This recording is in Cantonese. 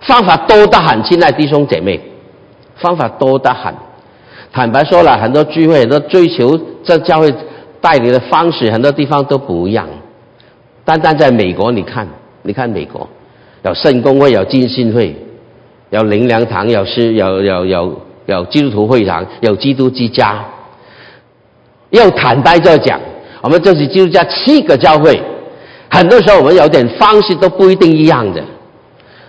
方法多得很，親愛弟兄姐妹。方法多得很，坦白說了，很多聚會、很多追求、這教會帶領的方式，很多地方都不一樣。單單在美國你看，你看美國，有聖公會有浸信會，有靈糧堂，有師，有有有有，有基督徒會堂，有基督之家。又坦白咗講，我們這是基督教七個教會，很多時候我們有點方式都不一定一樣的。